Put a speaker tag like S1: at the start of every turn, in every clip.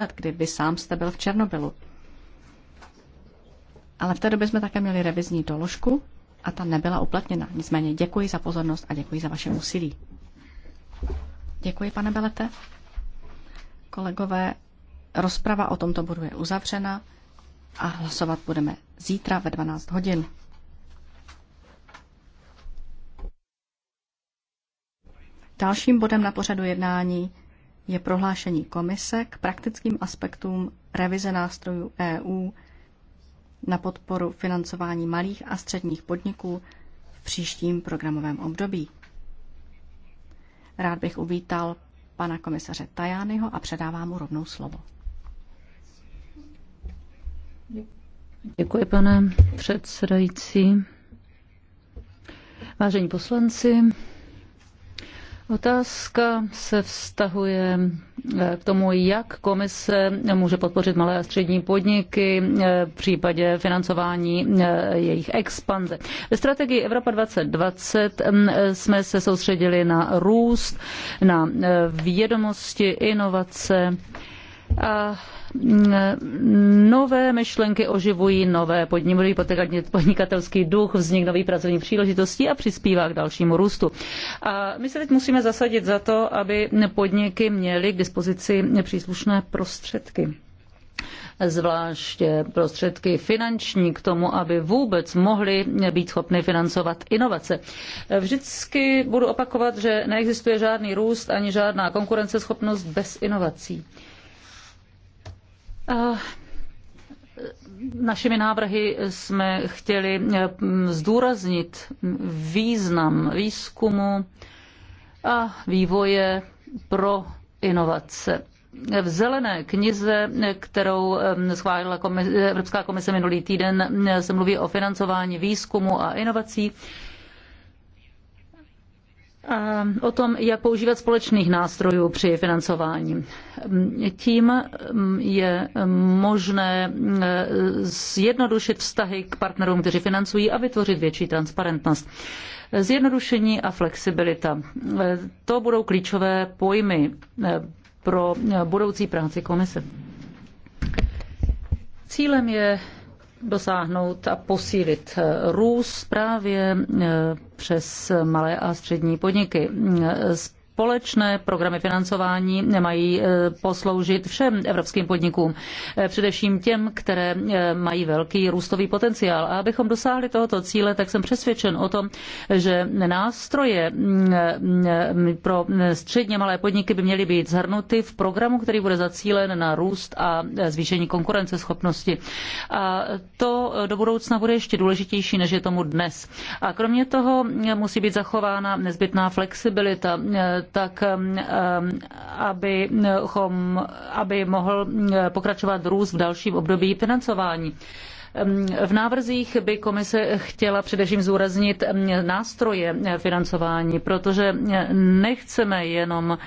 S1: let, kdy vy sám jste byl v Černobylu. Ale v té době jsme také měli revizní doložku a ta nebyla uplatněna. Nicméně děkuji za pozornost a děkuji za vaše úsilí. Děkuji, pane Belete. Kolegové, rozprava o tomto bodu je uzavřena a hlasovat budeme zítra ve 12 hodin. Dalším bodem na pořadu jednání je prohlášení komise k praktickým aspektům revize nástrojů EU na podporu financování malých a středních podniků v příštím programovém období. Rád bych uvítal pana komisaře Tajányho a předávám mu rovnou slovo.
S2: Děkuji, pane předsedající. Vážení poslanci, Otázka se vztahuje eh, k tomu, jak komise může podpořit malé a střední podniky eh, v případě financování eh, jejich expanze. Ve strategii Evropa 2020 mm, jsme se soustředili na růst, na vědomosti, inovace a nové myšlenky oživují nové podniky, podnikatelský duch, vznik nový pracovní příležitostí a přispívá k dalšímu růstu. A my se teď musíme zasadit za to, aby podniky měly k dispozici příslušné prostředky zvláště prostředky finanční k tomu, aby vůbec mohli být schopni financovat inovace. Vždycky budu opakovat, že neexistuje žádný růst ani žádná konkurenceschopnost bez inovací. Eh, našimi návrhy jsme chtěli eh, zdůraznit význam výzkumu a vývoje pro inovace. V zelené knize, kterou eh, schválila Evropská komise minulý týden, se mluví o financování výzkumu a inovací o tom, jak používat společných nástrojů při financování. Tím je možné eh, zjednodušit vztahy k partnerům, kteří financují a vytvořit větší transparentnost. Zjednodušení a flexibilita. Eh, to budou klíčové pojmy eh, pro budoucí práci komise. Cílem je dosáhnout a posílit růst právě eh, přes malé a střední podniky. Eh, společné programy financování mají eh, posloužit všem evropským podnikům, eh, především těm, které eh, mají velký růstový potenciál. A abychom dosáhli tohoto cíle, tak jsem přesvědčen o tom, že nástroje mm, mm, pro mm, středně malé podniky by měly být zhrnuty v programu, který bude zacílen na růst a zvýšení konkurenceschopnosti. A to do budoucna bude ještě důležitější, než je tomu dnes. A kromě toho musí být zachována nezbytná flexibilita tak um, um, aby, aby mohl um, pokračovat růst v dalším období financování. V návrzích by komise chtěla především zúraznit nástroje eh, financování, protože eh, nechceme jenom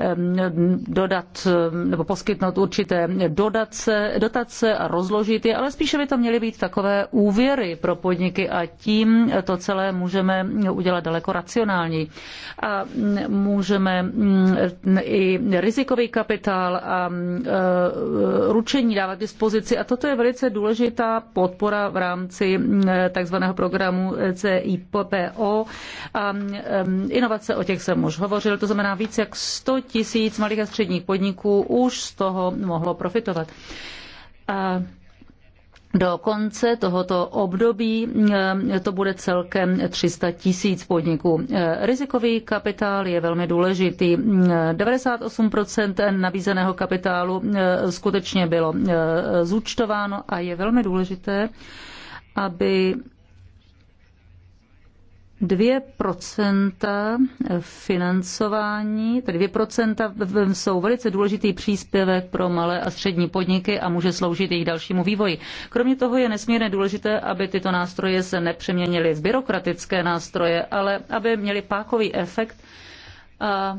S2: Ehm, dodat ehm, nebo poskytnout určité dodace, dotace a rozložit je, ale spíše by to měly být takové úvěry pro podniky a tím to celé můžeme udělat daleko racionální. A můžeme mm, i rizikový kapitál a mm, eh, ručení dávat k dispozici a toto je velice důležitá podpora v rámci mm, takzvaného programu CIPPO a ehm, inovace, o těch jsem už hovořil, to znamená více jak 100 tisíc malých a středních podniků už z toho mohlo profitovat. A do konce tohoto období e, to bude celkem 300 tisíc podniků. E, rizikový kapitál je velmi důležitý. 98% e, nabízeného kapitálu skutečně bylo zúčtováno a je velmi důležité, aby 2% financování, tedy 2% jsou velice důležitý příspěvek pro malé a střední podniky a může sloužit jejich dalšímu vývoji. Kromě toho je nesmírně důležité, aby tyto nástroje se nepřeměnily v byrokratické nástroje, ale aby měly pákový efekt a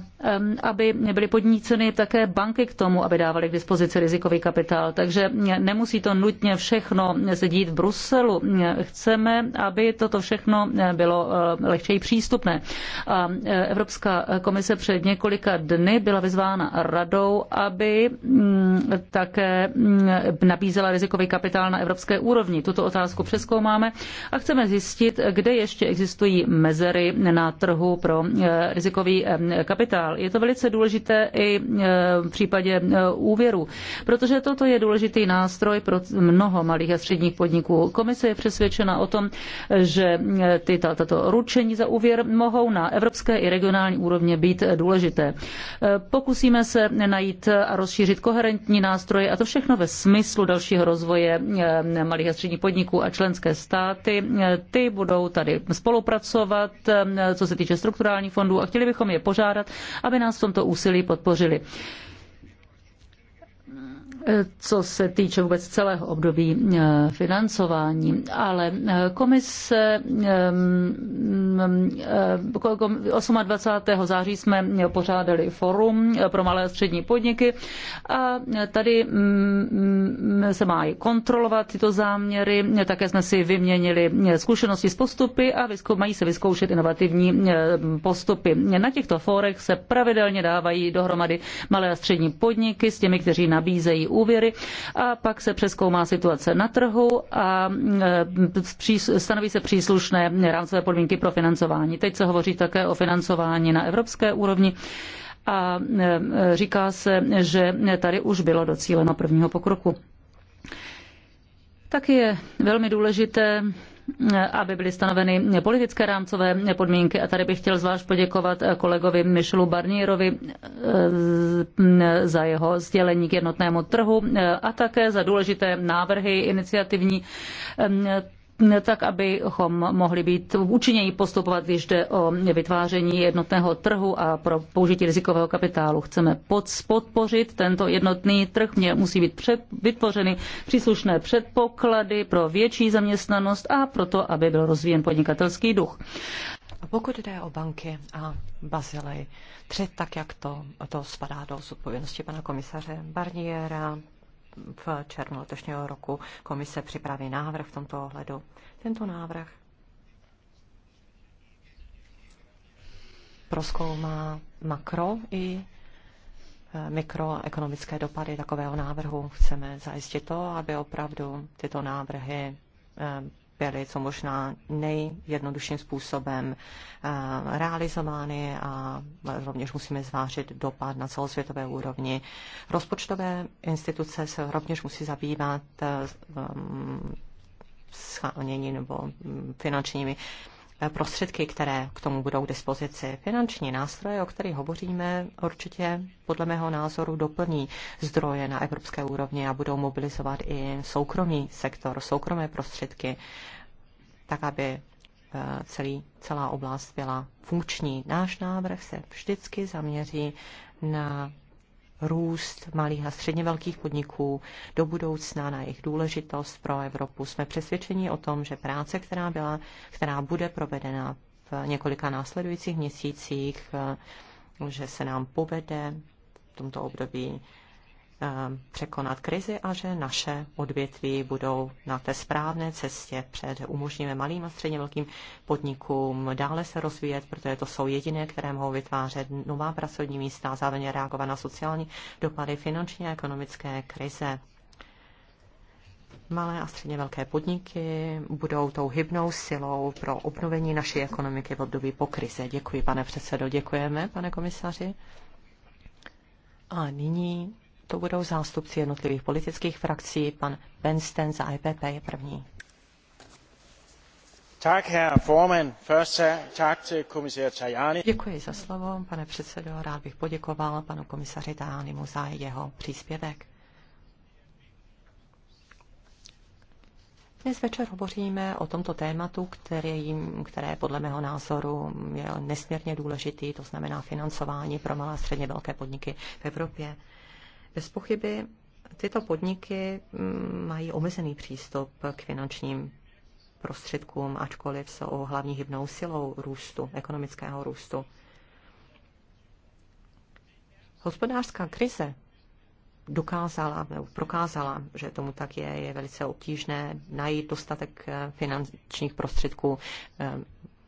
S2: aby byly podníceny také banky k tomu, aby dávaly k dispozici rizikový kapitál. Takže nemusí to nutně všechno se dít v Bruselu. Chceme, aby toto všechno eh, bylo eh, lehčeji přístupné. A eh, Evropská komise před několika dny byla vyzvána radou, aby mm, také mm, nabízela rizikový kapitál na evropské úrovni. Tuto otázku přeskoumáme a chceme zjistit, kde ještě existují mezery na trhu pro rizikový kapitál. Je to velice důležité i e, v případě e, úvěru, protože toto je důležitý nástroj pro mnoho malých a středních podniků. Komise je přesvědčena o tom, že e, ty, tato ručení za úvěr mohou na evropské i regionální úrovně být důležité. Pokusíme se najít a rozšířit koherentní nástroje a to všechno ve smyslu dalšího rozvoje malých a středních podniků a členské státy. Ty budou tady spolupracovat, co se týče strukturálních fondů a chtěli bychom je požádat požádat, aby nás v tomto úsilí podpořili co se týče vůbec celého období eh, financování, ale eh, komise 28. Eh, mm, mm, září jsme pořádali forum pro malé a střední podniky a tady mm, se má kontrolovat tyto záměry, také jsme si vyměnili zkušenosti s postupy a mají se vyzkoušet inovativní postupy. Na těchto fórech se pravidelně dávají dohromady malé a střední podniky s těmi, kteří nabízejí úvěry a pak se přeskoumá situace na trhu a e, stanoví se příslušné rámcové podmínky pro financování. Teď se hovoří také o financování na evropské úrovni a e, e, říká se, že tady už bylo docíleno prvního pokroku. Také je velmi důležité aby byly stanoveny politické rámcové podmínky. A tady bych chtěl zvlášť poděkovat kolegovi Michelu Barnierovi eh, za jeho sdělení k jednotnému trhu eh, a také za důležité návrhy iniciativní eh, tak abychom mohli být účinněji postupovat, když jde o vytváření jednotného trhu a pro použití rizikového kapitálu. Chceme podpořit tento jednotný trh, mě musí být před, vytvořeny příslušné předpoklady pro větší zaměstnanost a proto, aby byl rozvíjen podnikatelský duch.
S3: A pokud jde o banky a
S2: Bazilej,
S3: tři tak, jak to, to spadá do zodpovědnosti pana komisaře Barniera, v červnu letošního roku komise připraví návrh v tomto ohledu. Tento návrh proskoumá makro i e, mikroekonomické dopady takového návrhu. Chceme zajistit to, aby opravdu tyto návrhy e, byly co možná nejjednodušším způsobem eh, realizovány a rovněž musíme zvážit dopad na celosvětové úrovni. Rozpočtové instituce se rovněž musí zabývat eh, schválnění nebo mm, finančními prostředky, které k tomu budou k dispozici. Finanční nástroje, o kterých hovoříme, určitě podle mého názoru doplní zdroje na evropské úrovni a budou mobilizovat i soukromý sektor, soukromé prostředky, tak aby eh, celý, celá oblast byla funkční. Náš návrh se vždycky zaměří na růst malých a středně velkých podniků do budoucna, na jejich důležitost pro Evropu. Jsme přesvědčeni o tom, že práce, která, byla, která bude provedena v několika následujících měsících, že se nám povede v tomto období Eh, překonat krizi a že naše odvětví budou na té správné cestě před umožníme malým a středně velkým podnikům dále se rozvíjet, protože to jsou jediné, které mohou vytvářet nová pracovní místa a zároveň reagovat na sociální dopady finanční a ekonomické krize. Malé a středně velké podniky budou tou hybnou silou pro obnovení naší ekonomiky v období po krize. Děkuji, pane předsedo, děkujeme, pane komisaři. A nyní to budou zástupci jednotlivých politických frakcí. Pan Benston za IPP e je první.
S4: Eh, Děkuji za slovo,
S3: pane předsedo. Rád bych poděkoval panu komisaři Tajanimu za jeho příspěvek. Dnes večer hovoříme o tomto tématu, který, které podle mého názoru je nesmírně důležitý, to znamená financování pro malé a středně velké podniky v Evropě. Bez pochyby tyto podniky mm, mají omezený přístup k finančním prostředkům, ačkoliv jsou hlavní hybnou silou růstu, ekonomického růstu. Hospodářská krize dokázala nebo prokázala, že tomu tak je, je velice obtížné najít dostatek eh, finančních prostředků eh,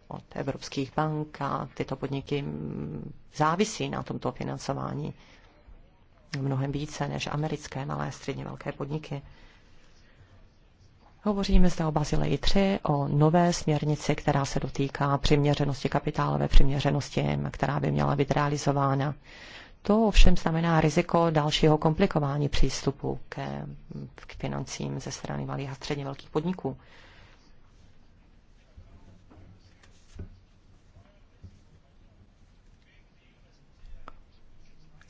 S3: od evropských bank a tyto podniky mm, závisí na tomto financování mnohem více než americké malé středně velké podniky. Hovoříme zde o Bazileji 3, o nové směrnici, která se dotýká přiměřenosti kapitálové přiměřenosti, která by měla být realizována. To ovšem znamená riziko dalšího komplikování přístupu ke, k financím ze strany malých a středně velkých podniků.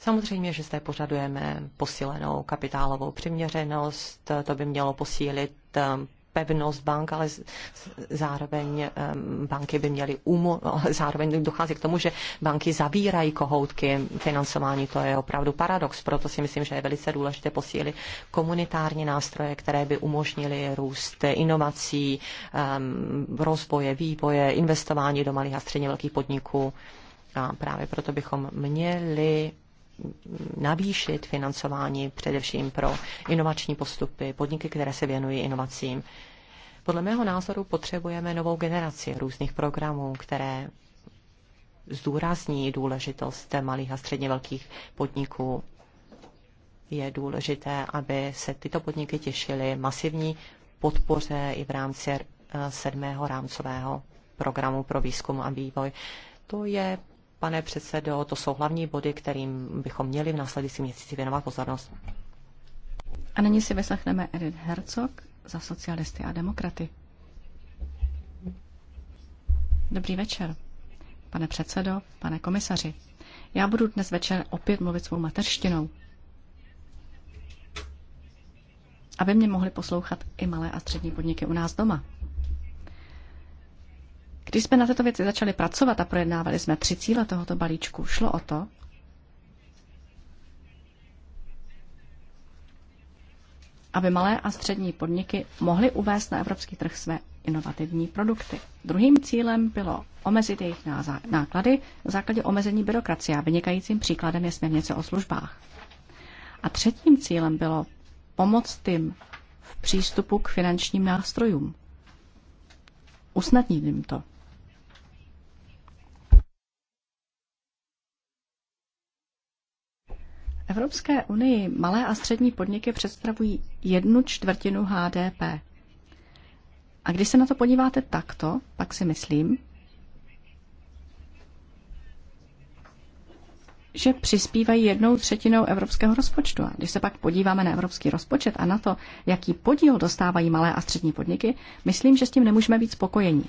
S3: Samozřejmě, že zde požadujeme posílenou kapitálovou přiměřenost, to by mělo posílit um, pevnost bank, ale zároveň um, banky by měly umo- zároveň dochází k tomu, že banky zavírají kohoutky financování, to je opravdu paradox, proto si myslím, že je velice důležité posílit komunitární nástroje, které by umožnily růst inovací, um, rozvoje, vývoje, investování do malých a středně velkých podniků. A právě proto bychom měli navýšit financování především pro inovační postupy, podniky, které se věnují inovacím. Podle mého názoru potřebujeme novou generaci různých programů, které zdůrazní důležitost malých a středně velkých podniků. Je důležité, aby se tyto podniky těšily masivní podpoře i v rámci eh, sedmého rámcového programu pro výzkum a vývoj. To je pane předsedo. To jsou hlavní body, kterým bychom měli v následujícím měsíci věnovat pozornost.
S1: A nyní si vyslechneme Edith Herzog za socialisty a demokraty. Dobrý večer, pane předsedo, pane komisaři. Já budu dnes večer opět mluvit svou mateřštinou, aby mě mohli poslouchat i malé a střední podniky u nás doma. Když jsme na této věci začali pracovat a projednávali jsme tři cíle tohoto balíčku, šlo o to, aby malé a střední podniky mohly uvést na evropský trh své inovativní produkty. Druhým cílem bylo omezit jejich náklady v základě omezení byrokracie. Vynikajícím příkladem je směrnice o službách. A třetím cílem bylo pomoct tím v přístupu k finančním nástrojům. Usnadnit jim to. Evropské unii malé a střední podniky představují jednu čtvrtinu HDP. A když se na to podíváte takto, pak si myslím, že přispívají jednou třetinou evropského rozpočtu. A když se pak podíváme na evropský rozpočet a na to, jaký podíl dostávají malé a střední podniky, myslím, že s tím nemůžeme být spokojeni.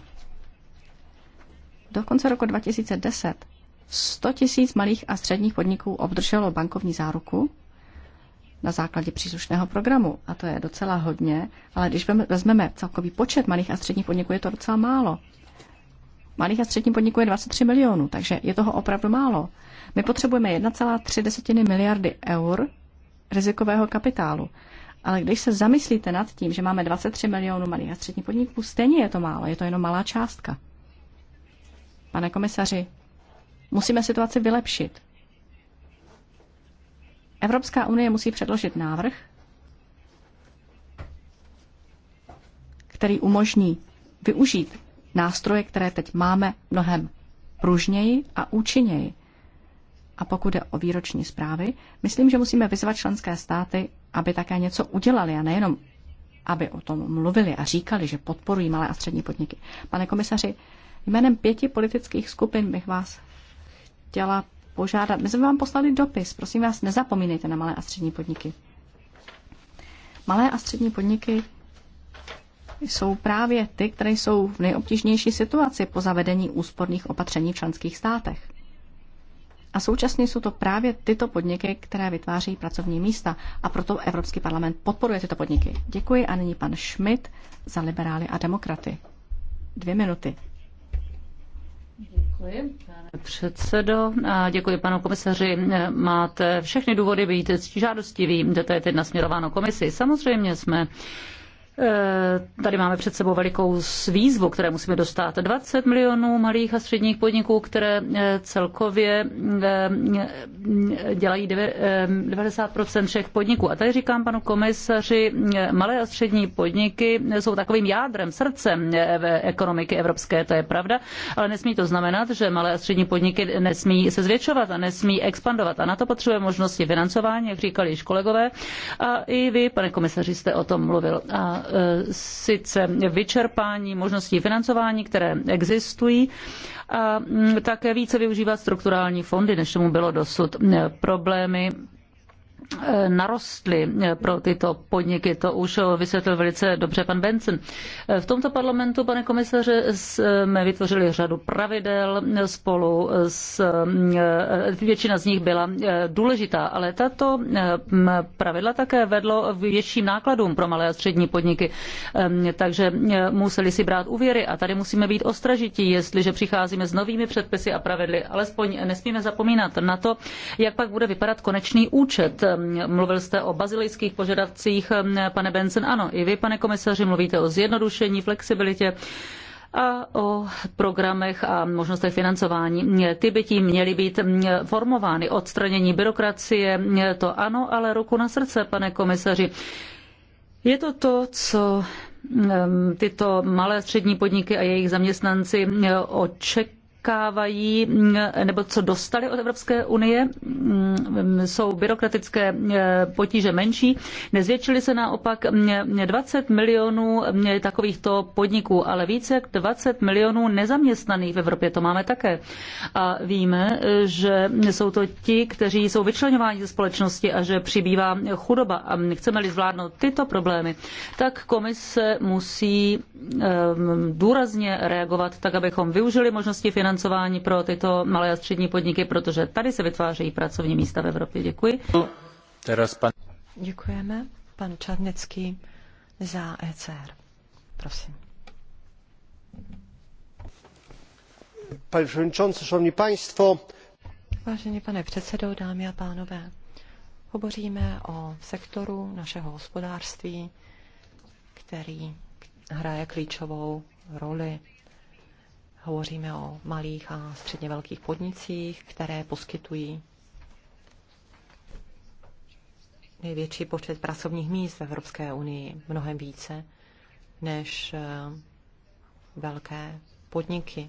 S1: Do konce roku 2010 100 tisíc malých a středních podniků obdrželo bankovní záruku na základě příslušného programu. A to je docela hodně, ale když vezmeme celkový počet malých a středních podniků, je to docela málo. Malých a středních podniků je 23 milionů, takže je toho opravdu málo. My potřebujeme 1,3 miliardy eur rizikového kapitálu. Ale když se zamyslíte nad tím, že máme 23 milionů malých a středních podniků, stejně je to málo, je to jenom malá částka. Pane komisaři, Musíme situaci vylepšit. Evropská unie musí předložit návrh, který umožní využít nástroje, které teď máme mnohem pružněji a účinněji. A pokud jde o výroční zprávy, myslím, že musíme vyzvat členské státy, aby také něco udělali a nejenom, aby o tom mluvili a říkali, že podporují malé a střední podniky. Pane komisaři, jménem pěti politických skupin bych vás chtěla požádat. My jsme vám poslali dopis. Prosím vás, nezapomínejte na malé a střední podniky. Malé a střední podniky jsou právě ty, které jsou v nejobtížnější situaci po zavedení úsporných opatření v členských státech. A současně jsou to právě tyto podniky, které vytváří pracovní místa. A proto Evropský parlament podporuje tyto podniky. Děkuji a nyní pan Schmidt za liberály a demokraty.
S2: Dvě minuty. Děkuji, pane předsedo. A děkuji panu komisaři. Máte všechny důvody být žádostivý. To je teď nasměrováno komisi. Samozřejmě jsme Eh, tady máme před sebou velikou výzvu, které musíme dostat. 20 milionů malých a středních podniků, které eh, celkově eh, dělají 90 všech podniků. A tady říkám panu komisaři, malé a střední podniky jsou takovým jádrem, srdcem ekonomiky evropské, to je pravda, ale nesmí to znamenat, že malé a střední podniky nesmí se zvětšovat a nesmí expandovat. A na to potřebuje možnosti financování, jak říkali již kolegové. A i vy, pane komisaři, jste o tom mluvil. A Eh, sice vyčerpání možností financování, které existují, a mm, také více využívat strukturální fondy, než tomu bylo dosud. Eh, problémy Eh, narostly eh, pro tyto podniky. To už eh, vysvětlil velice dobře pan Benson. V tomto parlamentu, pane komisaře, jsme vytvořili řadu pravidel spolu s... Většina z nich byla důležitá, ale tato pravidla také vedlo k větším nákladům pro malé a střední podniky. Ehm, takže museli si brát úvěry a tady musíme být ostražití, jestliže přicházíme s novými předpisy a pravidly. Alespoň nesmíme zapomínat na to, jak pak bude vypadat konečný účet Eh, mluvil jste o bazilejských požadavcích, eh, pane Benson. Ano, i vy, pane komisaři, mluvíte o zjednodušení, flexibilitě a o programech a možnostech financování. Ty by tím měly být eh, formovány. Odstranění byrokracie, to ano, ale ruku na srdce, pane komisaři. Je to to, co tyto malé střední podniky a jejich zaměstnanci očekují očekávají nebo co dostali od Evropské unie. Jsou byrokratické potíže menší. Nezvětšily se naopak 20 milionů takovýchto podniků, ale více jak 20 milionů nezaměstnaných v Evropě. To máme také. A víme, že jsou to ti, kteří jsou vyčlenováni ze společnosti a že přibývá chudoba. A chceme-li zvládnout tyto problémy, tak komise musí eh, důrazně reagovat tak, abychom využili možnosti finanční financování pro tyto malé a střední podniky, protože tady se vytvářejí pracovní místa v Evropě. Děkuji.
S4: No, teraz pan...
S3: Děkujeme. Pan Čarnecký za ECR. Prosím.
S4: Pane předsedající, šanovní państwo.
S3: Vážený pane předsedo, dámy a pánové, hovoříme o sektoru našeho hospodářství, který hraje klíčovou roli Hovoříme o malých a středně velkých podnicích, které poskytují největší počet pracovních míst v Evropské unii, mnohem více než eh, velké podniky.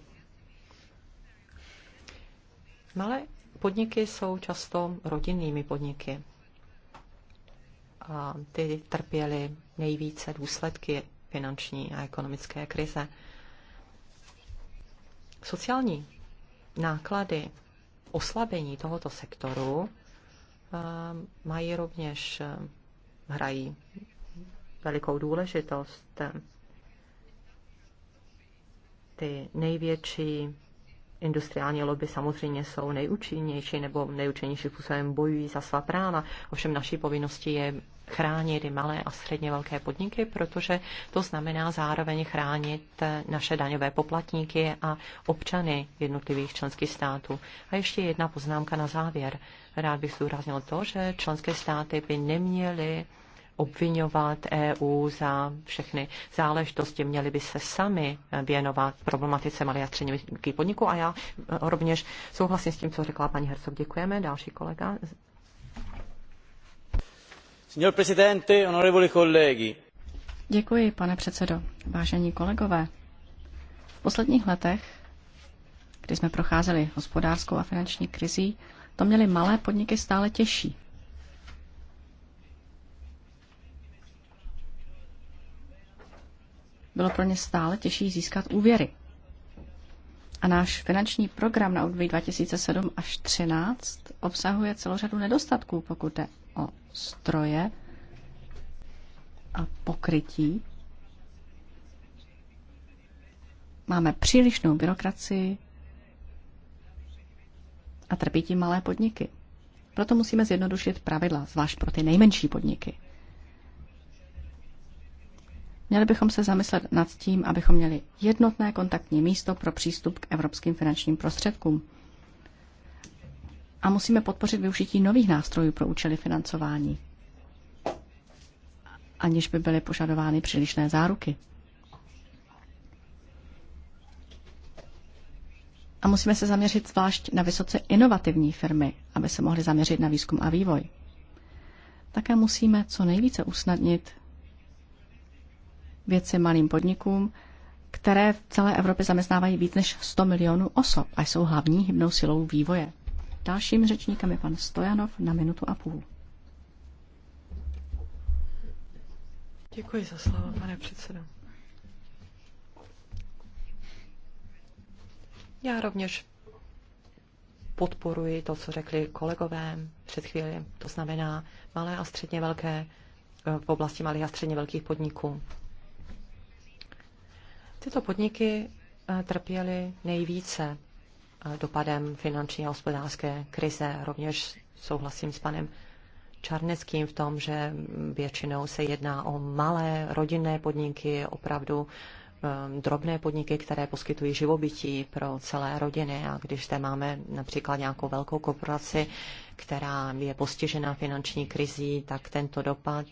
S3: Malé podniky jsou často rodinnými podniky a ty trpěly nejvíce důsledky finanční a ekonomické krize. Sociální náklady oslabení tohoto sektoru eh, mají rovněž, eh, hrají velikou důležitost. Ty největší industriální lobby samozřejmě jsou nejúčinnější nebo nejúčinnější způsobem bojují za svá práva. Ovšem naší povinností je chránit i malé a středně velké podniky, protože to znamená zároveň chránit naše daňové poplatníky a občany jednotlivých členských států. A ještě jedna poznámka na závěr. Rád bych zdůraznil to, že členské státy by neměly obvinovat EU za všechny záležitosti. Měli by se sami věnovat problematice malé a střední podniku A já eh, rovněž souhlasím s tím, co řekla paní Hercog.
S1: Děkujeme. Další kolega.
S5: Signor Presidente, onorevoli colleghi.
S1: Děkuji, pane předsedo. Vážení kolegové, v posledních letech, kdy jsme procházeli hospodářskou a finanční krizí, to měly malé podniky stále těžší. bylo pro ně stále těžší získat úvěry. A náš finanční program na období 2007 až 2013 obsahuje celou řadu nedostatků, pokud jde o stroje a pokrytí. Máme přílišnou byrokracii a trpí tím malé podniky. Proto musíme zjednodušit pravidla, zvlášť pro ty nejmenší podniky. Měli bychom se zamyslet nad tím, abychom měli jednotné kontaktní místo pro přístup k evropským finančním prostředkům. A musíme podpořit využití nových nástrojů pro účely financování, aniž by byly požadovány přílišné záruky. A musíme se zaměřit zvlášť na vysoce inovativní firmy, aby se mohly zaměřit na výzkum a vývoj. Také musíme co nejvíce usnadnit věci malým podnikům, které v celé Evropě zaměstnávají víc než 100 milionů osob a jsou hlavní hybnou silou vývoje. Dalším řečníkem je pan Stojanov na minutu a půl.
S3: Děkuji za slovo, pane předsedo. Já rovněž podporuji to, co řekli kolegové před chvíli. To znamená malé a středně velké eh, v oblasti malých a středně velkých podniků. Tyto podniky eh, trpěly nejvíce eh, dopadem finanční a hospodářské krize. Rovněž souhlasím s panem Čarneckým v tom, že většinou se jedná o malé rodinné podniky, opravdu eh, drobné podniky, které poskytují živobytí pro celé rodiny. A když zde máme například nějakou velkou korporaci, která je postižena finanční krizí, tak tento dopad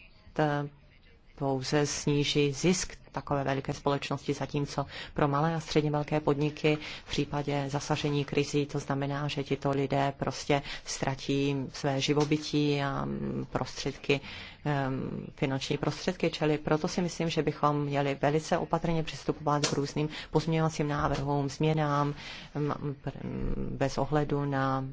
S3: pouze sníží zisk takové veliké společnosti, zatímco pro malé a středně velké podniky v případě zasažení krizí to znamená, že tito lidé prostě ztratí své živobytí a mm, prostředky, finanční prostředky, čili proto si myslím, že bychom měli velice opatrně přistupovat k různým pozměňovacím návrhům, změnám bez ohledu na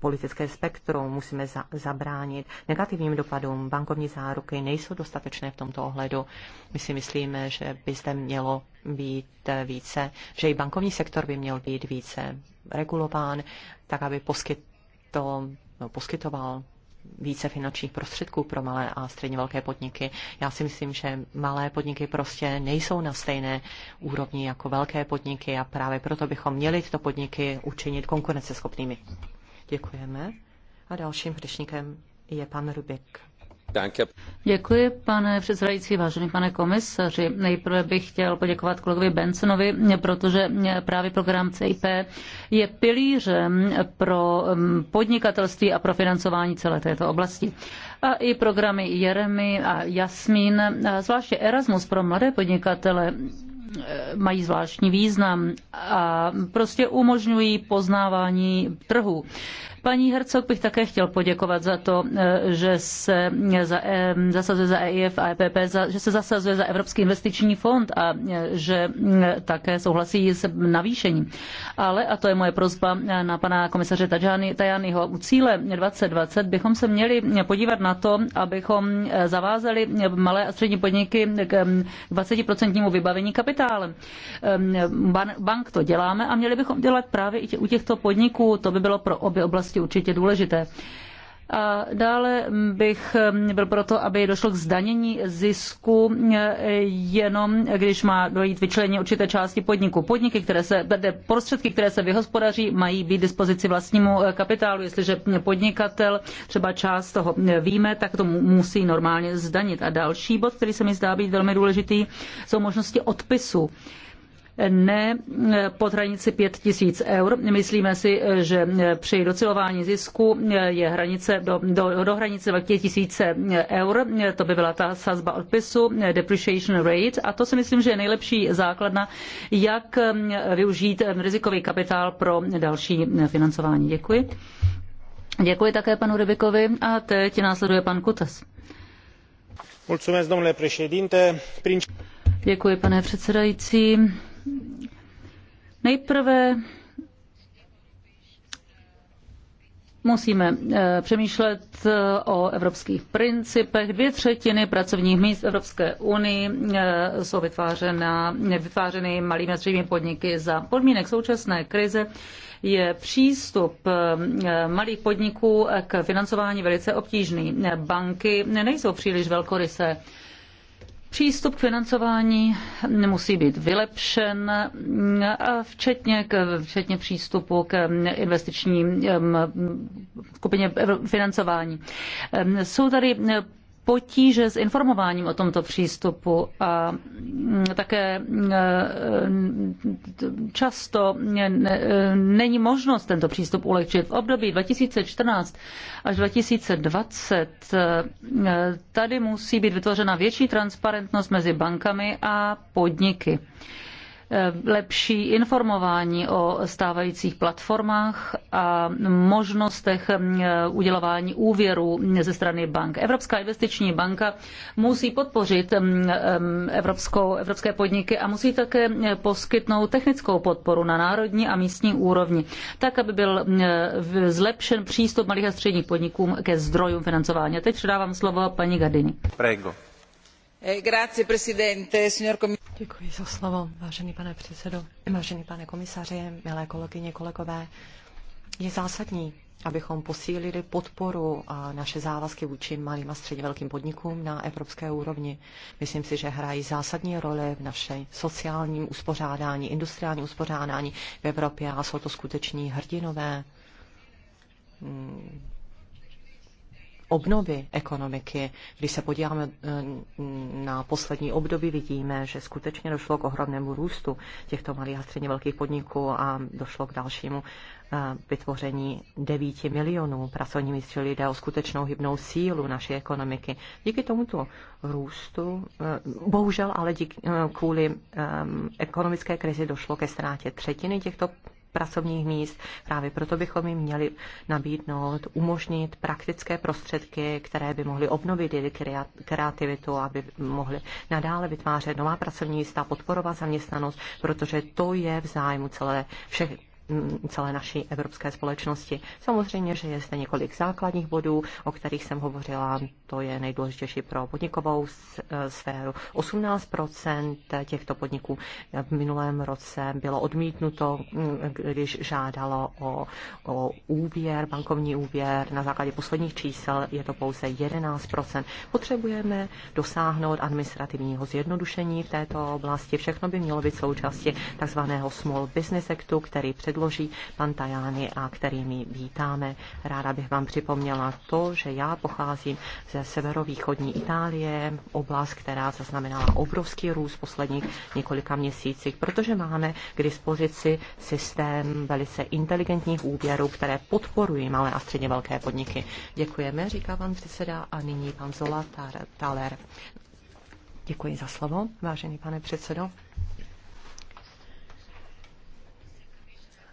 S3: politické spektrum, musíme za, zabránit negativním dopadům. Bankovní záruky nejsou dostatečné v tomto ohledu. My si myslíme, že by zde mělo být více, že i bankovní sektor by měl být více regulován, tak aby poskytl, no, poskytoval více finančních prostředků pro malé a středně velké podniky. Já si myslím, že malé podniky prostě nejsou na stejné úrovni jako velké podniky a právě proto bychom měli tyto podniky
S2: učinit konkurenceschopnými. Děkujeme. A dalším řečníkem je pan Rubik. Děkuji, pane předsedající, vážený pane komisaři. Nejprve bych chtěl poděkovat kolegovi Bensonovi, protože právě program CIP je pilířem pro mm, podnikatelství a pro financování celé této oblasti. A i programy Jeremy a Jasmín, a zvláště Erasmus pro mladé podnikatele, e, mají zvláštní význam a prostě umožňují poznávání trhu. Paní Hercog bych také chtěl poděkovat za to, eh, že se eh, za, eh, zasazuje za EIF a EPP, za, že se zasazuje za Evropský investiční fond a že mm, také souhlasí s navýšením. Ale, a to je moje prozba na pana komisaře Tajányho, u cíle 2020 bychom se měli podívat na to, abychom zavázali malé a střední podniky k 20% vybavení kapitálem. Bank to děláme a měli bychom dělat právě i u těchto podniků. To by bylo pro obě oblasti oblasti určitě důležité. A dále bych mm, byl proto, aby došlo k zdanění zisku mm, jenom, když má dojít vyčlení určité části podniku. Podniky, které se, prostředky, které se vyhospodaří, mají být dispozici vlastnímu eh, kapitálu. Jestliže podnikatel třeba část toho eh, víme, tak to musí normálně zdanit. A další bod, který se mi zdá být velmi důležitý, jsou možnosti odpisu ne pod hranici 5 tisíc eur. Myslíme si, že při docelování zisku je hranice do, do, do hranice 5 tisíce eur. To by byla ta sazba odpisu, depreciation rate. A to si myslím, že je nejlepší základna, jak um, využít um, rizikový kapitál pro další financování. Děkuji. Děkuji také panu Rybikovi a teď následuje pan Kutas. Děkuji, pane předsedající Nejprve musíme eh, přemýšlet eh, o evropských principech. Dvě třetiny pracovních míst Evropské unii eh, jsou vytvářena, vytvářeny malými a středními podniky za podmínek současné krize je přístup malých podniků k financování velice obtížný. Banky nejsou příliš velkorysé Přístup k financování musí být vylepšen, včetně, k, včetně přístupu k investiční skupině financování. Jsou tady potíže s informováním o tomto přístupu a mm, také e, často e, není možnost tento přístup ulehčit. V období 2014 až 2020 e, tady musí být vytvořena větší transparentnost mezi bankami a podniky. Eh, lepší informování o stávajících platformách a možnostech eh, udělování úvěrů ze strany bank. Evropská investiční banka musí podpořit eh, evropskou, evropské podniky a musí také poskytnout technickou podporu na národní a místní úrovni, tak, aby byl zlepšen přístup malých a středních podnikům ke zdrojům financování. A teď předávám slovo paní Gardini.
S4: Prego. Eh,
S3: Děkuji za slovo, vážený pane předsedo, vážený pane komisaři, milé kolegyně, kolegové. Je zásadní, abychom posílili podporu a naše závazky vůči malým a středně velkým podnikům na evropské úrovni. Myslím si, že hrají zásadní roli v našem sociálním uspořádání, industriálním uspořádání v Evropě a jsou to skuteční hrdinové hmm, obnovy ekonomiky. Když se podíváme eh, na poslední období, vidíme, že skutečně došlo k ohromnému růstu těchto malých a středně velkých podniků a došlo k dalšímu eh, vytvoření 9 milionů pracovní míst, čili jde o skutečnou hybnou sílu naší ekonomiky. Díky tomuto růstu, eh, bohužel ale díky, kvůli ekonomické krizi došlo ke ztrátě třetiny těchto pracovních míst. Právě proto bychom jim měli nabídnout, umožnit praktické prostředky, které by mohly obnovit jejich kreativitu, aby mohly nadále vytvářet nová pracovní místa, podporovat zaměstnanost, protože to je v zájmu celé všech Mm, celé naší evropské společnosti. Samozřejmě, že je zde několik základních bodů, o kterých jsem hovořila. To je nejdůležitější pro podnikovou e, sféru. 18 těchto podniků v minulém roce bylo odmítnuto, mm, když žádalo o, o úvěr, bankovní úvěr. Na základě posledních čísel je to pouze 11 Potřebujeme dosáhnout administrativního zjednodušení v této oblasti. Všechno by mělo být součástí takzvaného Small Business Actu, který před předloží pan Tajány a kterými vítáme. Ráda bych vám připomněla to, že já pocházím ze severovýchodní Itálie, oblast, která zaznamenala obrovský růst v posledních několika měsících, protože máme k dispozici systém velice inteligentních úvěrů, které podporují malé a středně velké podniky. Děkujeme, říká pan předseda a nyní pan Zola Taler. Děkuji za slovo, vážený pane předsedo.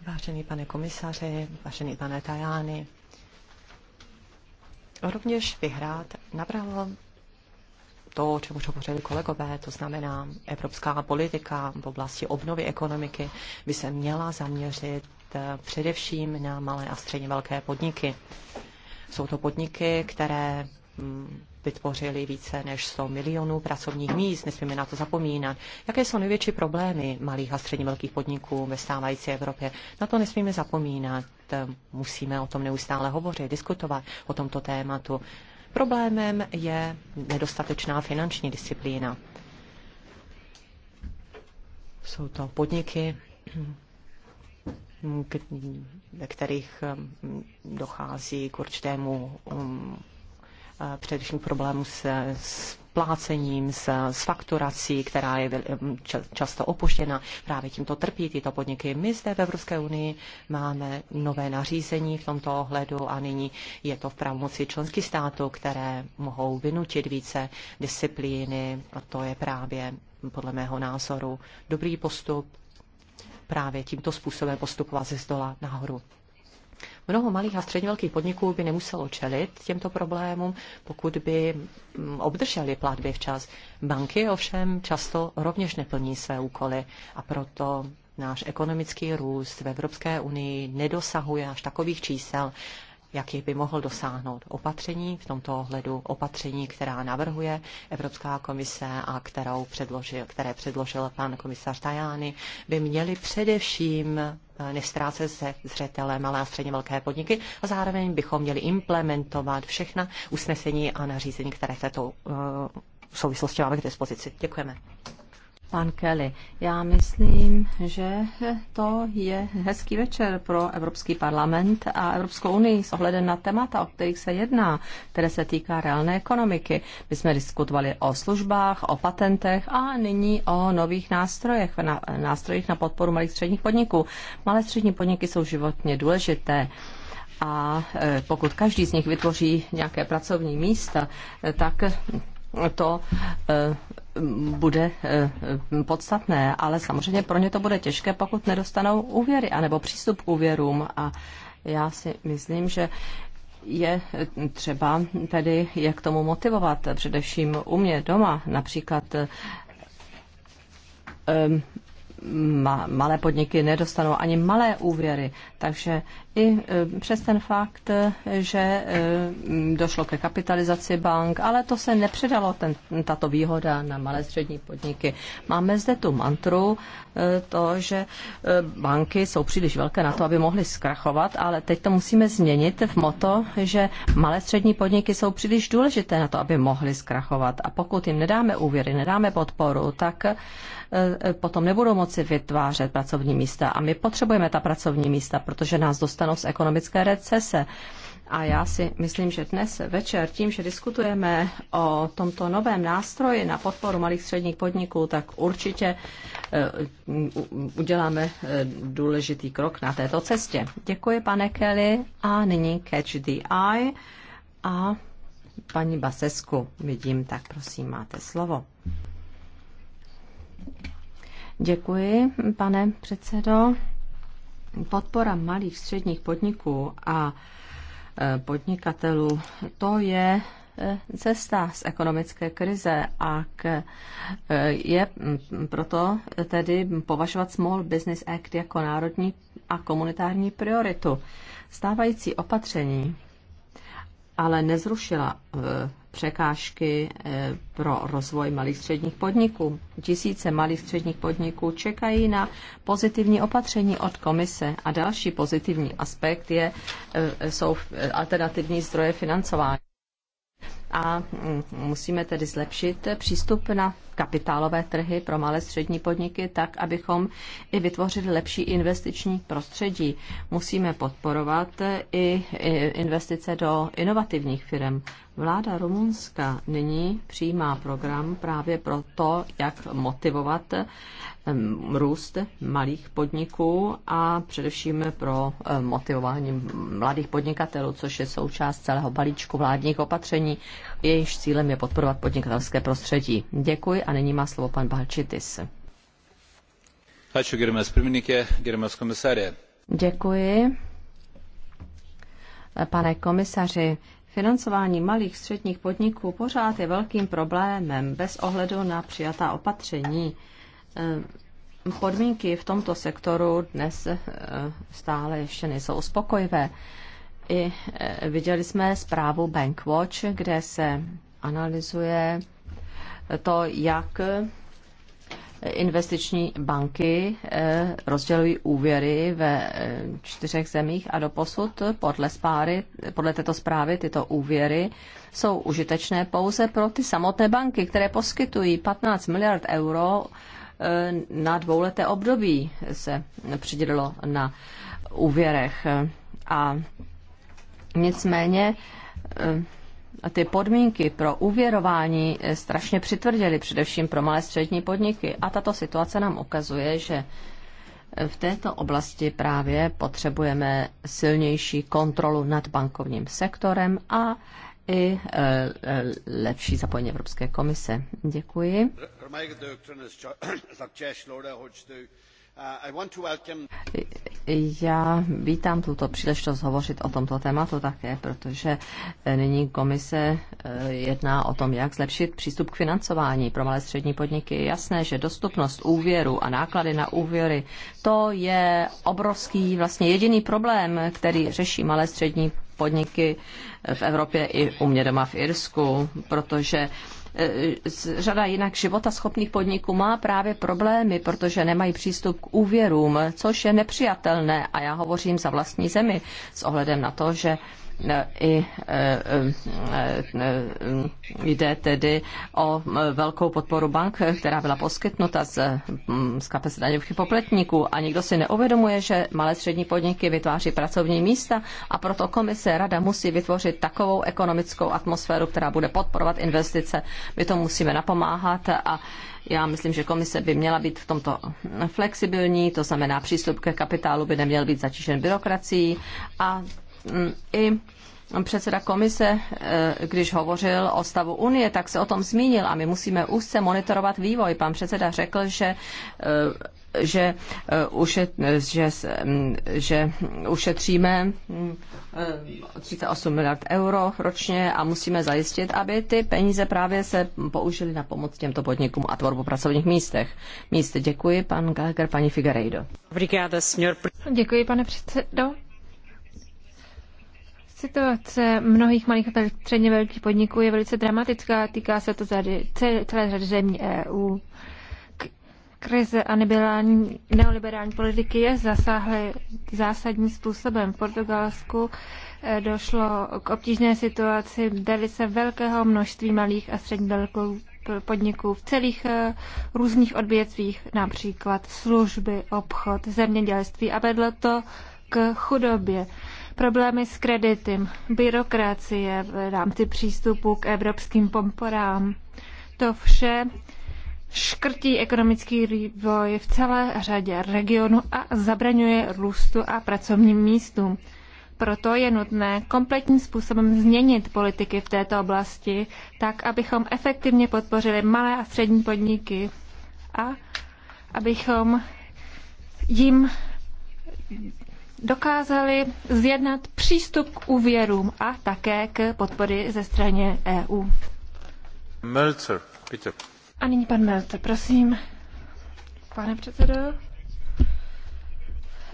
S3: Vážený pane komisaři, vážený pane Tajány, rovněž bych rád navrhl to, o čem už hovořili kolegové, to znamená evropská politika v oblasti obnovy ekonomiky, by se měla zaměřit eh, především na malé a středně velké podniky. Jsou to podniky, které vytvořili více než 100 milionů pracovních míst, nesmíme na to zapomínat. Jaké jsou největší problémy malých a středně velkých podniků ve stávající Evropě? Na to nesmíme zapomínat. Musíme o tom neustále hovořit, diskutovat o tomto tématu. Problémem je nedostatečná finanční disciplína. Jsou to podniky, ve kterých mm, dochází k určitému mm, Eh, především problémů s, s plácením, s, s fakturací, která je mm, často opuštěna. Právě tímto trpí tyto podniky. My zde v Evropské unii máme nové nařízení v tomto ohledu a nyní je to v pravomoci členských států, které mohou vynutit více disciplíny a to je právě podle mého názoru dobrý postup právě tímto způsobem postupovat ze zdola nahoru. Mnoho malých a středně velkých podniků by nemuselo čelit těmto problémům, pokud by mm, obdrželi platby včas. Banky ovšem často rovněž neplní své úkoly a proto náš ekonomický růst v Evropské unii nedosahuje až takových čísel, jakých by mohl dosáhnout opatření, v tomto ohledu opatření, která navrhuje Evropská komise a kterou předložil, které předložil pan komisař Tajány, by měly především eh, nestrácet se zřetele malé a středně velké podniky a zároveň bychom měli implementovat všechna usnesení a nařízení, které v této uh, souvislosti máme k dispozici. Děkujeme. Pan
S6: Kelly, já myslím, že to je hezký večer pro Evropský parlament a Evropskou unii s ohledem na témata, o kterých se jedná, které se týká reálné ekonomiky. My jsme diskutovali o službách, o patentech a nyní o nových nástrojech, na, nástrojích na podporu malých středních podniků. Malé střední podniky jsou životně důležité a e, pokud každý z nich vytvoří nějaké pracovní místa, e, tak to e, bude eh, podstatné, ale samozřejmě pro ně to bude těžké, pokud nedostanou úvěry anebo přístup k úvěrům. A já si myslím, že je třeba tedy, jak tomu motivovat, především u mě doma, například eh, malé podniky nedostanou ani malé úvěry, takže i e, přes ten fakt, e, že e, došlo ke kapitalizaci bank, ale to se nepředalo, ten, tato výhoda na malé střední podniky. Máme zde tu mantru, to, že banky jsou příliš velké na to, aby mohly zkrachovat, ale teď to musíme změnit v moto, že malé střední podniky jsou příliš důležité na to, aby mohly zkrachovat. A pokud jim nedáme úvěry, nedáme podporu, tak potom nebudou moci vytvářet pracovní místa. A my potřebujeme ta pracovní místa, protože nás dostanou dostanou z ekonomické recese. A já si myslím, že dnes večer tím, že diskutujeme o tomto novém nástroji na podporu malých středních podniků, tak určitě eh, uděláme eh, důležitý krok na této cestě. Děkuji, pane Kelly. A nyní Catch the Eye a paní Basesku vidím, tak prosím, máte slovo. Děkuji, pane předsedo. Podpora malých středních podniků a e, podnikatelů, to je e, cesta z ekonomické krize a k, e, je proto tedy považovat Small Business Act jako národní a komunitární prioritu. Stávající opatření ale nezrušila překážky eh, pro rozvoj malých středních podniků. Tisíce malých středních podniků čekají na pozitivní opatření od komise a další pozitivní aspekt je, eh, jsou eh, alternativní zdroje financování. A mm, musíme tedy zlepšit přístup na kapitálové trhy pro malé střední podniky, tak abychom i vytvořili lepší investiční prostředí. Musíme podporovat i investice do inovativních firm. Vláda Rumunska nyní přijímá program právě pro to, jak motivovat růst malých podniků a především pro motivování mladých podnikatelů, což je součást celého balíčku vládních opatření. Jejíž cílem je podporovat podnikatelské prostředí. Děkuji a nyní má slovo pan Balčitis. Děkuji. Pane komisaři, financování malých středních podniků pořád je velkým problémem bez ohledu na přijatá opatření. Ehm, podmínky v tomto sektoru dnes eh, stále ještě nejsou uspokojivé. I eh, viděli jsme zprávu Bankwatch, kde se analyzuje to, jak investiční banky eh, rozdělují úvěry ve eh, čtyřech zemích a doposud podle, spáry, podle této zprávy tyto úvěry jsou užitečné pouze pro ty samotné banky, které poskytují 15 miliard euro eh, na dvouleté období se přidělilo na úvěrech. A nicméně ty podmínky pro uvěrování eh, strašně přitvrdily, především pro malé střední podniky. A tato situace nám ukazuje, že eh, v této oblasti právě potřebujeme silnější kontrolu nad bankovním sektorem a i eh, lepší zapojení Evropské komise. Děkuji. já vítám tuto příležitost hovořit o tomto tématu také, protože eh, nyní komise eh, jedná o tom, jak zlepšit přístup k financování pro malé střední podniky. Je jasné, že dostupnost úvěru a náklady na úvěry, to je obrovský, vlastně jediný problém, který řeší malé střední podniky v Evropě i u mě doma v Irsku, protože řada jinak schopných podniků má právě problémy, protože nemají přístup k úvěrům, což je nepřijatelné a já hovořím za vlastní zemi s ohledem na to, že i e, e, e, jde tedy o velkou podporu bank, která byla poskytnuta z, mm, z kapes daňových popletníků a nikdo si neuvědomuje, že malé střední podniky vytváří pracovní místa a proto komise rada musí vytvořit takovou ekonomickou atmosféru, která bude podporovat investice. My to musíme napomáhat a já myslím, že komise by měla být v tomto flexibilní, to znamená přístup ke kapitálu by neměl být zatížen byrokracií a i předseda komise, eh, když hovořil o stavu Unie, tak se o tom zmínil a my musíme úzce monitorovat vývoj. Pan předseda řekl, že eh, že, eh, ušet, že, mm, že ušetříme 38 mm, miliard euro ročně a musíme zajistit, aby ty peníze právě se použily na pomoc těmto podnikům a tvorbu pracovních místech. Míst děkuji, pan Gallagher, paní Figueiredo.
S5: Děkuji, pane předsedo. Situace mnohých malých a středně velkých podniků je velice dramatická, týká se to zady, celé, řady zemí EU. K, krize a neoliberální politiky je zasáhly zásadním způsobem. V Portugalsku e, došlo k obtížné situaci velice velkého množství malých a středně velkých podniků v celých e, různých odvětvích, například služby, obchod, zemědělství a vedlo to k chudobě. Problémy s kredity, byrokracie v rámci přístupu k evropským pomporám. To vše škrtí ekonomický vývoj v celé řadě regionů a zabraňuje růstu a pracovním místům. Proto je nutné kompletním způsobem změnit politiky v této oblasti, tak abychom efektivně podpořili malé a střední podniky a abychom jim dokázali zjednat přístup k úvěrům a také k podpory ze strany EU.
S4: Melzer, bitte.
S5: A nyní pan Melzer, prosím. Pane předsedo.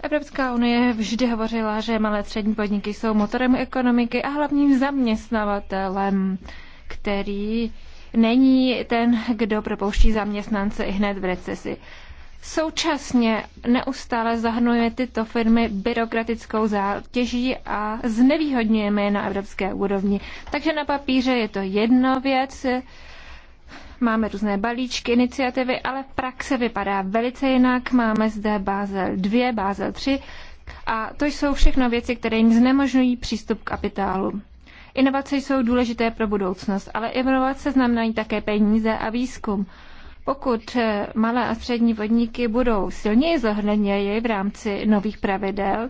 S5: Evropská unie vždy hovořila, že malé střední podniky jsou motorem ekonomiky a hlavním zaměstnavatelem, který není ten, kdo propouští zaměstnance i hned v recesi. Současně neustále zahrnuje tyto firmy byrokratickou zátěží a znevýhodňujeme je na evropské úrovni. Takže na papíře je to jedna věc, máme různé balíčky, iniciativy, ale praxe vypadá velice jinak. Máme zde Bázel 2, Bázel 3 a to jsou všechno věci, které jim znemožňují přístup k kapitálu. Inovace jsou důležité pro budoucnost, ale inovace znamenají také peníze a výzkum. Pokud eh, malé a střední podniky budou silněji zohledněji v rámci nových pravidel,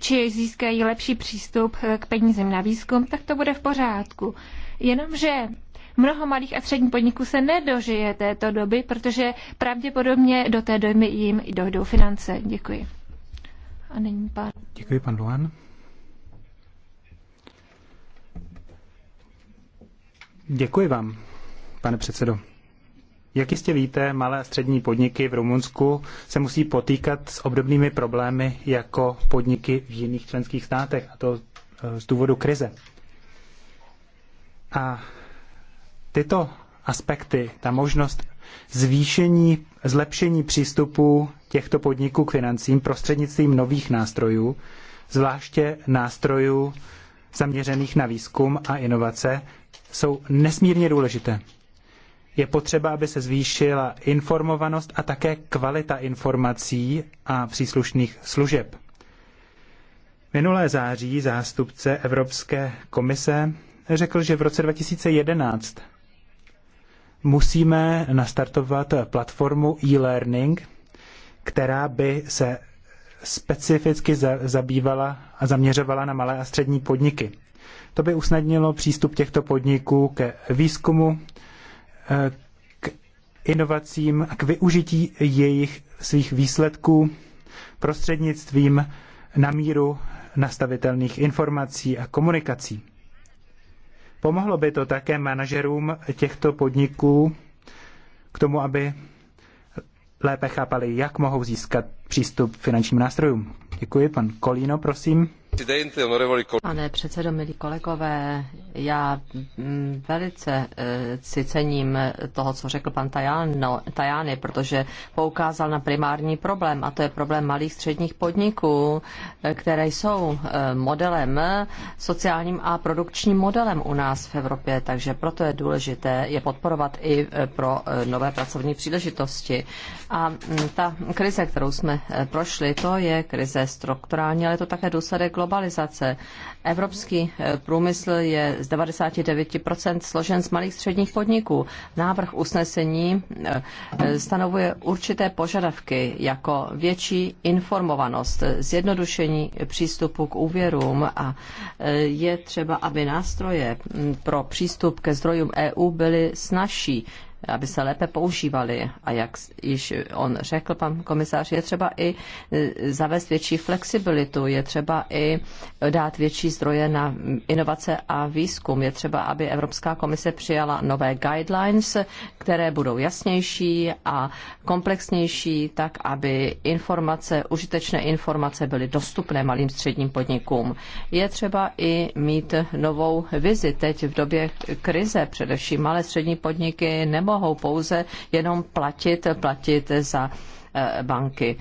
S5: či získají lepší přístup eh, k penězím na výzkum, tak to bude v pořádku. Jenomže mnoho malých a středních podniků se nedožije této doby, protože pravděpodobně do té doby jim dojdou finance. Děkuji. A není pan.
S4: Děkuji, pan Luan. Děkuji vám, pane předsedo. Jak jistě víte, malé a střední podniky v Rumunsku se musí potýkat s obdobnými problémy jako podniky v jiných členských státech, a to e, z důvodu krize. A tyto aspekty, ta možnost zvýšení, zlepšení přístupu těchto podniků k financím prostřednictvím nových nástrojů, zvláště nástrojů zaměřených na výzkum a inovace, jsou nesmírně důležité je potřeba, aby se zvýšila informovanost a také kvalita informací a příslušných služeb. Minulé září zástupce Evropské komise řekl, že v roce 2011 musíme nastartovat platformu e-learning, která by se specificky zabývala a zaměřovala na malé a střední podniky. To by usnadnilo přístup těchto podniků ke výzkumu, k inovacím a k využití jejich svých výsledků prostřednictvím na míru nastavitelných informací a komunikací. Pomohlo by to také manažerům těchto podniků k tomu, aby lépe chápali, jak mohou získat přístup k finančním nástrojům. Děkuji, pan Kolíno, prosím. Pane předsedo, milí kolegové, já mm,
S6: velice eh, si cením toho, co řekl pan Tajano, protože poukázal na primární problém, a to je problém malých středních podniků, eh, které jsou eh, modelem, sociálním a produkčním modelem u nás v Evropě, takže proto je důležité je podporovat i pro nové pracovní příležitosti. A mm, ta krize, kterou jsme prošli, to je krize strukturální, ale je to také důsledek globalizace. Evropský eh, průmysl je z 99% složen z malých středních podniků. Návrh usnesení eh, eh, stanovuje určité požadavky jako větší informovanost, zjednodušení přístupu k úvěrům a je třeba, aby nástroje mm, pro přístup ke zdrojům EU byly snažší aby se lépe používaly. A jak již on řekl, pan komisář, je třeba i e, zavést větší flexibilitu, je třeba i dát větší zdroje na inovace a výzkum. Je třeba, aby Evropská komise přijala nové guidelines, které budou jasnější a komplexnější, tak aby informace, užitečné informace byly dostupné malým středním podnikům. Je třeba i mít novou vizi teď v době krize, především malé střední podniky nebo nemohou pouze jenom platit, platit za eh, banky.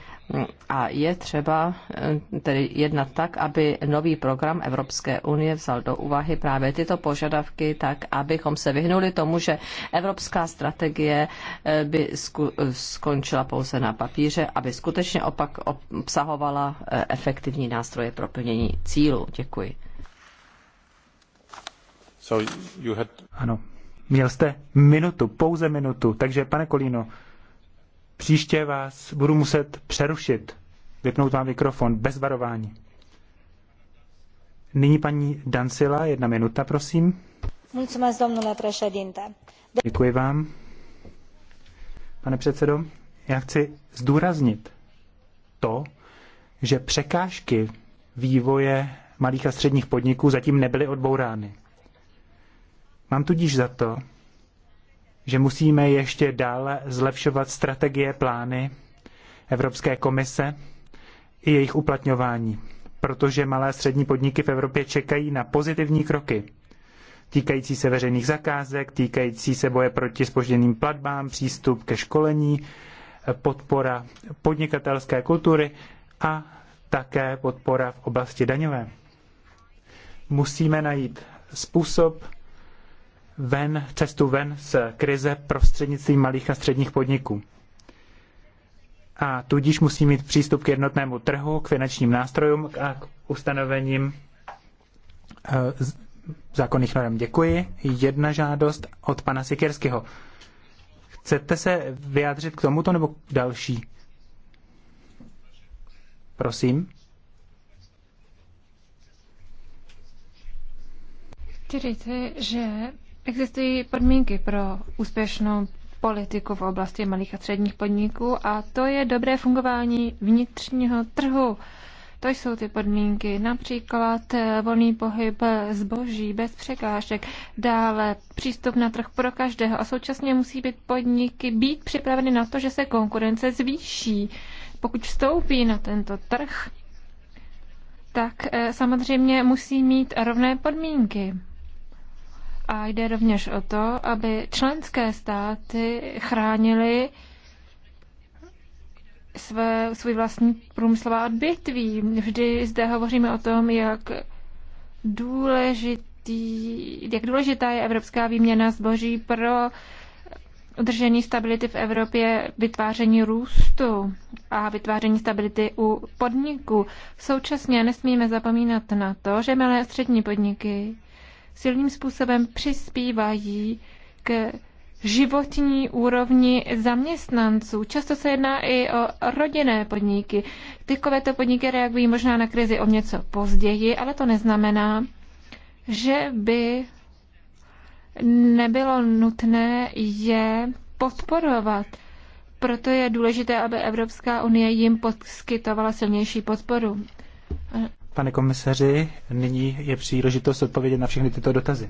S6: A je třeba eh, tedy jednat tak, aby nový program Evropské unie vzal do úvahy právě tyto požadavky, tak abychom se vyhnuli tomu, že evropská strategie eh, by skončila pouze na papíře, aby skutečně opak obsahovala efektivní nástroje pro plnění cílu. Děkuji.
S4: So you had... Ano, Měl jste minutu, pouze minutu. Takže, pane Kolíno, příště vás budu muset přerušit. Vypnout vám mikrofon bez varování. Nyní paní Dancila, jedna minuta, prosím.
S1: Mulțumesc, domnule președinte.
S4: Děkuji vám. Pane předsedo, já chci zdůraznit to, že překážky vývoje malých a středních podniků zatím nebyly odbourány. Mám tudíž za to, že musíme ještě dále zlepšovat strategie, plány Evropské komise i jejich uplatňování, protože malé a střední podniky v Evropě čekají na pozitivní kroky týkající se veřejných zakázek, týkající se boje proti spožděným platbám, přístup ke školení, podpora podnikatelské kultury a také podpora v oblasti daňové. Musíme najít způsob, ven, cestu ven z krize prostřednictvím malých a středních podniků. A tudíž musí mít přístup k jednotnému trhu, k finančním nástrojům a k ustanovením eh, zákonných norm. Děkuji. Jedna žádost od pana Sikerského. Chcete se vyjádřit k tomuto nebo k další? Prosím.
S5: Chci říct, že Existují podmínky pro úspěšnou politiku v oblasti malých a středních podniků a to je dobré fungování vnitřního trhu. To jsou ty podmínky, například eh, volný pohyb zboží bez překážek, dále přístup na trh pro každého a současně musí být podniky být připraveny na to, že se konkurence zvýší. Pokud vstoupí na tento trh, tak eh, samozřejmě musí mít rovné podmínky. A jde rovněž o to, aby členské státy chránily své, svůj vlastní průmyslová odvětví. Vždy zde hovoříme o tom, jak důležitý, jak důležitá je evropská výměna zboží pro udržení stability v Evropě, vytváření růstu a vytváření stability u podniků. Současně nesmíme zapomínat na to, že malé a střední podniky silným způsobem přispívají k životní úrovni zaměstnanců. Často se jedná i o rodinné podniky. Tykovéto podniky reagují možná na krizi o něco později, ale to neznamená, že by nebylo nutné je podporovat. Proto je důležité, aby Evropská unie jim poskytovala silnější podporu.
S4: Pane komisaři, nyní je příležitost odpovědět na všechny tyto dotazy.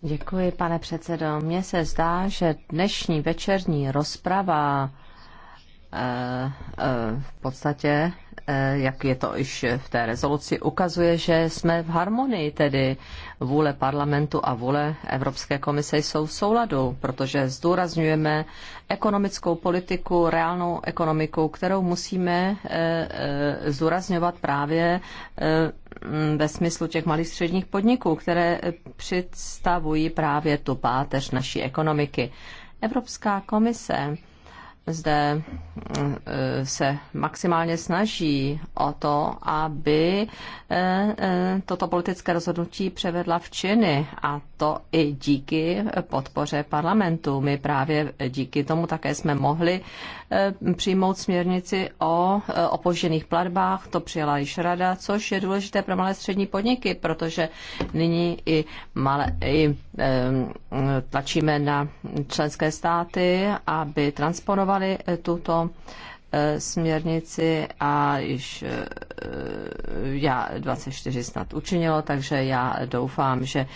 S5: Děkuji, pane předsedo.
S6: Mně se zdá, že dnešní večerní rozprava eh, eh, v podstatě Eh, jak je to již v té rezoluci, ukazuje, že jsme v harmonii, tedy vůle parlamentu a vůle Evropské komise jsou v souladu, protože zdůrazňujeme ekonomickou politiku, reálnou ekonomiku, kterou musíme eh, eh, zdůrazňovat právě ve smyslu těch malých středních podniků, které představují právě tu páteř naší ekonomiky. Evropská komise zde eh, se maximálně snaží o to, aby eh, eh, toto politické rozhodnutí převedla v činy a to i díky podpoře parlamentu. My právě díky tomu také jsme mohli přijmout směrnici o opožděných platbách, to přijala již rada, což je důležité pro malé střední podniky, protože nyní i, malé, i tlačíme na členské státy, aby transponovali implementovali eh, tuto eh, směrnici a již eh, já 24 snad učinilo, takže já doufám, že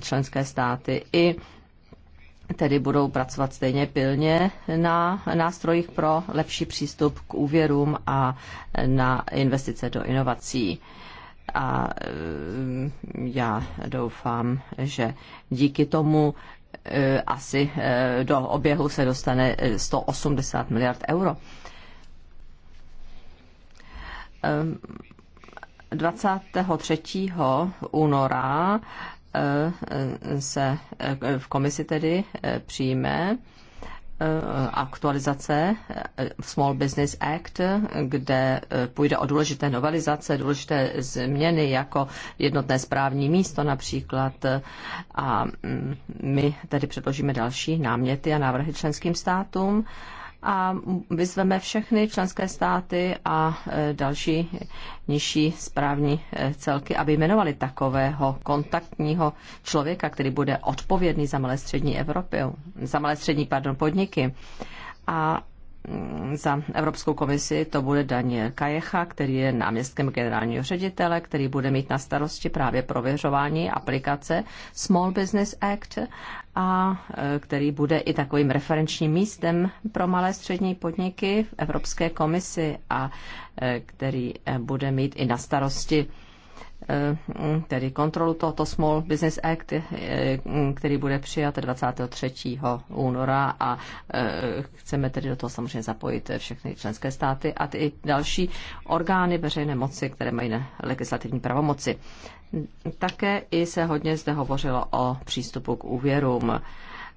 S6: členské státy i tedy budou pracovat stejně pilně na nástrojích pro lepší přístup k úvěrům a na investice do inovací. A já doufám, že díky tomu Eh, asi eh, do oběhu se dostane 180 eh, miliard euro. 23. Ehm, února se v komisi tedy přijme Eh, aktualizace eh, Small Business Act, kde eh, půjde o důležité novelizace, důležité změny jako jednotné správní místo například. A mm, my tedy předložíme další náměty a návrhy členským státům a vyzveme všechny členské státy a e, další nižší správní e, celky, aby jmenovali takového kontaktního člověka, který bude odpovědný za malé střední Evropy, za malé střední pardon, podniky. A Mm, za Evropskou komisi to bude Daniel Kajecha, který je náměstkem generálního ředitele, který bude mít na starosti právě prověřování aplikace Small Business Act a e, který bude i takovým referenčním místem pro malé střední podniky v Evropské komisi a e, který e, bude mít i na starosti Eh, tedy kontrolu tohoto Small Business Act, eh, který bude přijat 23. února a eh, chceme tedy do toho samozřejmě zapojit všechny členské státy a i další orgány veřejné moci, které mají legislativní pravomoci. Také i se hodně zde hovořilo o přístupu k úvěrům.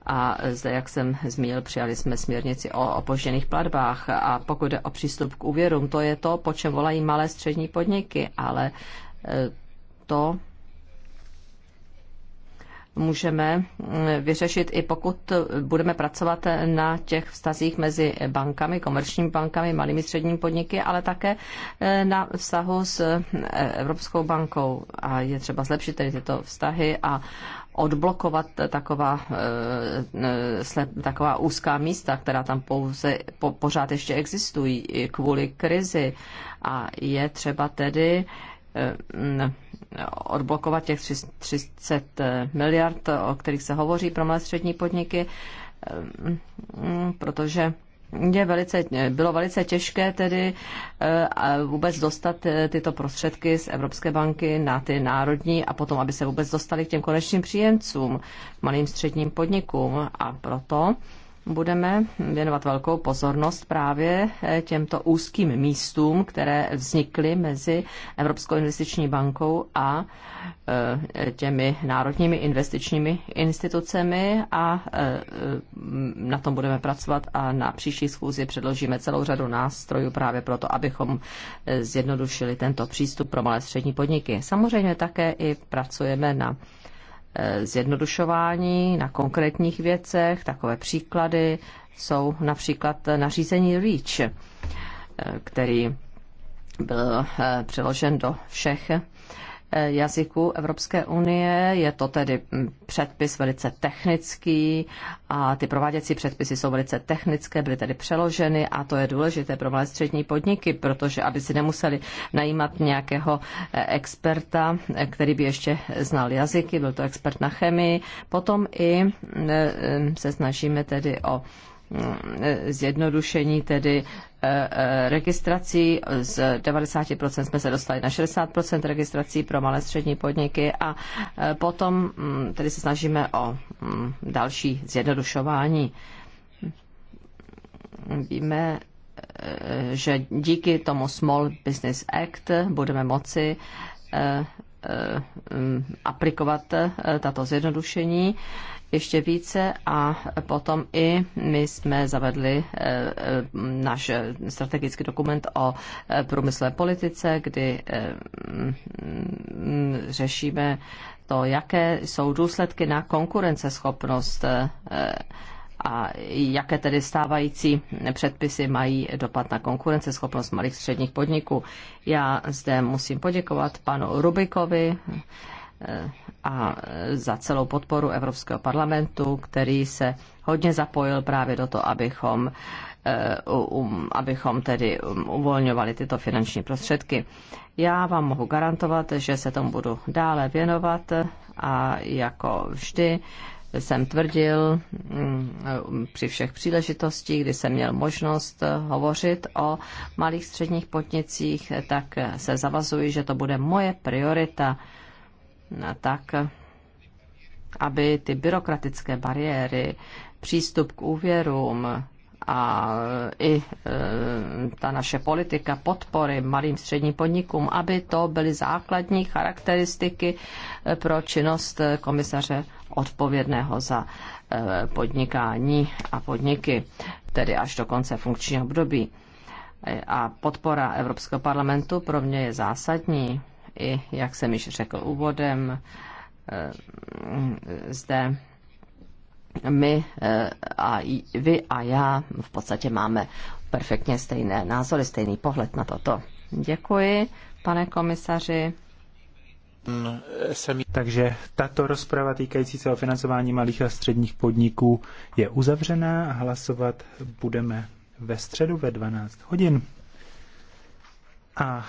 S6: A zde, jak jsem zmínil, přijali jsme směrnici o opožděných platbách. A pokud jde o přístup k úvěrům, to je to, po čem volají malé střední podniky, ale Eh, to můžeme eh, vyřešit i pokud budeme pracovat na těch vztazích mezi bankami, komerčními bankami, malými středními podniky, ale také eh, na vztahu s Evropskou bankou. A je třeba zlepšit tedy tyto vztahy a odblokovat taková, taková úzká místa, která tam pouze po, pořád ještě existují kvůli krizi. A je třeba tedy Eh, odblokovat těch 30 eh, miliard, o kterých se hovoří pro malé střední podniky, eh, protože je velice, bylo velice těžké tedy vůbec dostat tyto prostředky z Evropské banky na ty národní a potom, aby se vůbec dostali k těm konečným příjemcům, malým středním podnikům a proto budeme věnovat velkou pozornost právě eh, těmto úzkým místům, které vznikly mezi Evropskou investiční bankou a eh, těmi národními investičními institucemi a eh, na tom budeme pracovat a na příští schůzi předložíme celou řadu nástrojů právě proto, abychom zjednodušili tento přístup pro malé střední podniky. Samozřejmě také i pracujeme na Eh, zjednodušování na konkrétních věcech. Takové příklady jsou například nařízení REACH, eh, který byl eh, přeložen do všech Eh, jazyků Evropské unie. Je to tedy mm, předpis velice technický a ty prováděcí předpisy jsou velice technické, byly tedy přeloženy a to je důležité pro malé střední podniky, protože aby si nemuseli najímat nějakého eh, experta, eh, který by ještě znal jazyky, byl to expert na chemii. Potom i mm, se snažíme tedy o zjednodušení tedy eh, eh, registrací. Z 90% jsme se dostali na 60% registrací pro malé střední podniky a eh, potom mm, tedy se snažíme o mm, další zjednodušování. Víme, že díky tomu Small Business Act budeme moci mm, aplikovat tato zjednodušení ještě více a potom i my jsme zavedli eh, eh, náš strategický dokument o eh, průmyslové politice, kdy mm, mm, řešíme to, jaké jsou důsledky na konkurenceschopnost a jaké tedy stávající předpisy mají dopad na konkurenceschopnost malých středních podniků. Já zde musím poděkovat panu Rubikovi, a za celou podporu Evropského parlamentu, který se hodně zapojil právě do toho, abychom, eh, um, abychom tedy um, uvolňovali tyto finanční prostředky. Já vám mohu garantovat, že se tomu budu dále věnovat a jako vždy jsem tvrdil mm, při všech příležitosti, kdy jsem měl možnost hovořit o malých středních podnicích, tak se zavazuji, že to bude moje priorita tak, aby ty byrokratické bariéry, přístup k úvěrům a i e, ta naše politika podpory malým středním podnikům, aby to byly základní charakteristiky e, pro činnost komisaře odpovědného za e, podnikání a podniky, tedy až do konce funkčního období. A podpora Evropského parlamentu pro mě je zásadní i, jak jsem již řekl úvodem, eh, zde my eh, a vy a já v podstatě máme perfektně
S4: stejné názory, stejný pohled na toto.
S6: Děkuji, pane komisaři.
S4: Takže tato rozprava týkající se o financování malých a středních podniků je uzavřená a hlasovat budeme ve středu ve 12 hodin. A